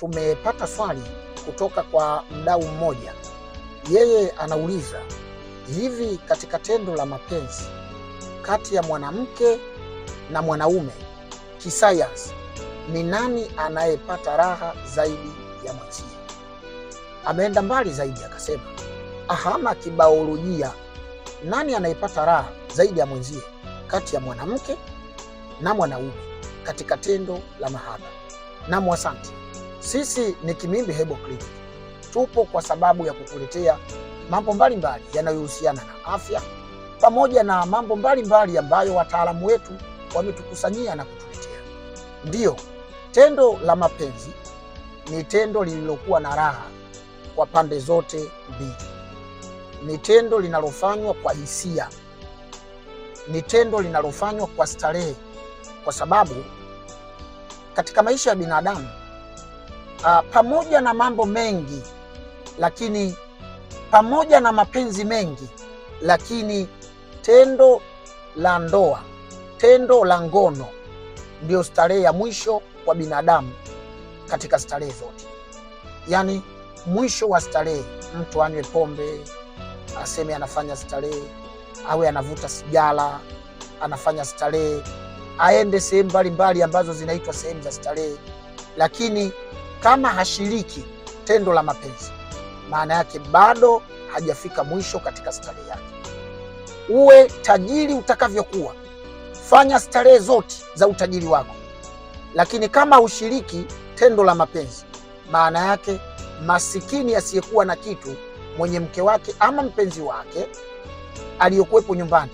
tumepata swali kutoka kwa mdau mmoja. Yeye anauliza hivi, katika tendo la mapenzi kati ya mwanamke na mwanaume kisayansi, ni nani anayepata raha zaidi ya mwenzie? Ameenda mbali zaidi akasema, ahama, kibaolojia, nani anayepata raha zaidi ya mwenzie kati ya mwanamke na mwanaume katika tendo la mahaba? Namu, asante. Sisi ni Kimimbi Herbal Clinic, tupo kwa sababu ya kukuletea mambo mbalimbali yanayohusiana na afya pamoja na mambo mbalimbali ambayo wataalamu wetu wametukusanyia na kutuletea. Ndiyo, tendo la mapenzi ni tendo lililokuwa na raha kwa pande zote mbili, ni tendo linalofanywa kwa hisia, ni tendo linalofanywa kwa starehe, kwa sababu katika maisha ya binadamu uh, pamoja na mambo mengi lakini pamoja na mapenzi mengi lakini tendo la ndoa, tendo la ngono ndiyo starehe ya mwisho kwa binadamu katika starehe zote. Yaani mwisho wa starehe, mtu anywe pombe, aseme anafanya starehe, awe anavuta sigara, anafanya starehe, aende sehemu mbalimbali ambazo zinaitwa sehemu za starehe, lakini kama hashiriki tendo la mapenzi, maana yake bado hajafika mwisho katika starehe yake. Uwe tajiri utakavyokuwa, fanya starehe zote za utajiri wako, lakini kama hushiriki tendo la mapenzi, maana yake masikini asiyekuwa na kitu, mwenye mke wake ama mpenzi wake aliyokuwepo nyumbani,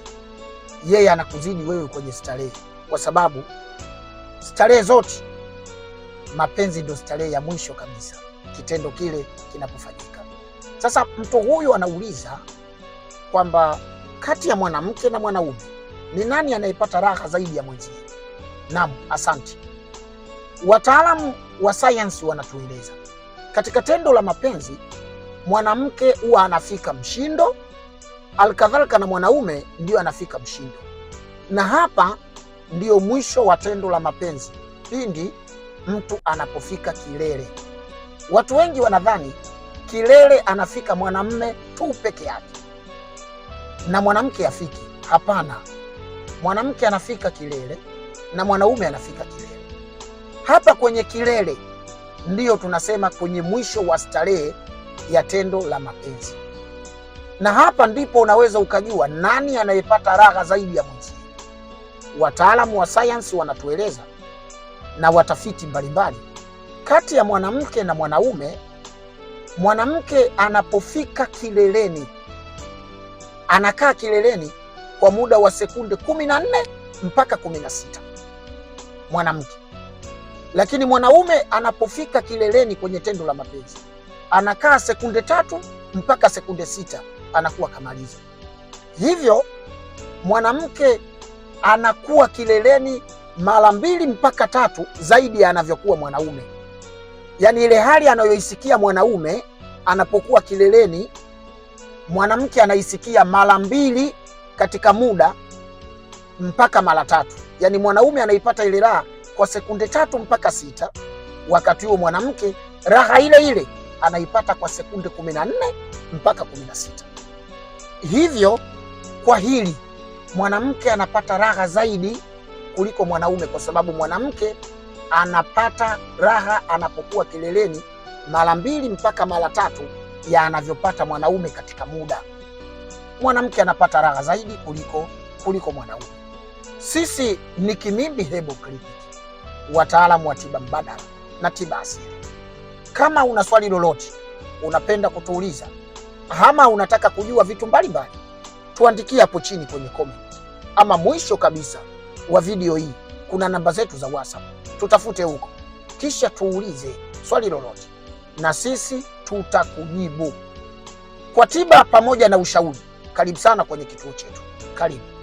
yeye anakuzidi wewe kwenye starehe, kwa sababu starehe zote mapenzi ndio starehe ya mwisho kabisa kitendo kile kinapofanyika. Sasa mtu huyu anauliza kwamba kati ya mwanamke na mwanaume ni nani anayepata raha zaidi ya mwenzie? Naam, asante. Wataalamu wa sayansi wanatueleza katika tendo la mapenzi mwanamke huwa anafika mshindo, alkadhalika na mwanaume ndio anafika mshindo, na hapa ndio mwisho wa tendo la mapenzi pindi mtu anapofika kilele. Watu wengi wanadhani kilele anafika mwanamme tu peke yake na mwanamke afiki. Hapana, mwanamke anafika kilele na mwanaume anafika kilele. Hapa kwenye kilele ndiyo tunasema kwenye mwisho wa starehe ya tendo la mapenzi, na hapa ndipo unaweza ukajua nani anayepata raha zaidi ya mwenzie. Wataalamu wa sayansi wanatueleza na watafiti mbalimbali kati ya mwanamke na mwanaume. Mwanamke anapofika kileleni, anakaa kileleni kwa muda wa sekunde 14 mpaka 16, mwanamke. Lakini mwanaume anapofika kileleni kwenye tendo la mapenzi anakaa sekunde tatu mpaka sekunde sita anakuwa kamaliza. Hivyo mwanamke anakuwa kileleni mara mbili mpaka tatu zaidi ya anavyokuwa mwanaume. Yaani ile hali anayoisikia mwanaume anapokuwa kileleni, mwanamke anaisikia mara mbili katika muda mpaka mara tatu. Yaani mwanaume anaipata ile raha kwa sekunde tatu mpaka sita, wakati huo mwanamke raha ile ile anaipata kwa sekunde 14 mpaka 16. Hivyo kwa hili mwanamke anapata raha zaidi kuliko mwanaume, kwa sababu mwanamke anapata raha anapokuwa kileleni mara mbili mpaka mara tatu ya anavyopata mwanaume katika muda. Mwanamke anapata raha zaidi kuliko kuliko mwanaume. Sisi ni Kimimbi Herbal Clinic, wataalamu wa tiba mbadala na tiba asili. Kama una swali lolote unapenda kutuuliza ama unataka kujua vitu mbalimbali, tuandikie hapo chini kwenye comment. Ama mwisho kabisa wa video hii kuna namba zetu za WhatsApp, tutafute huko, kisha tuulize swali lolote na sisi tutakujibu kwa tiba pamoja na ushauri. Karibu sana kwenye kituo chetu, karibu.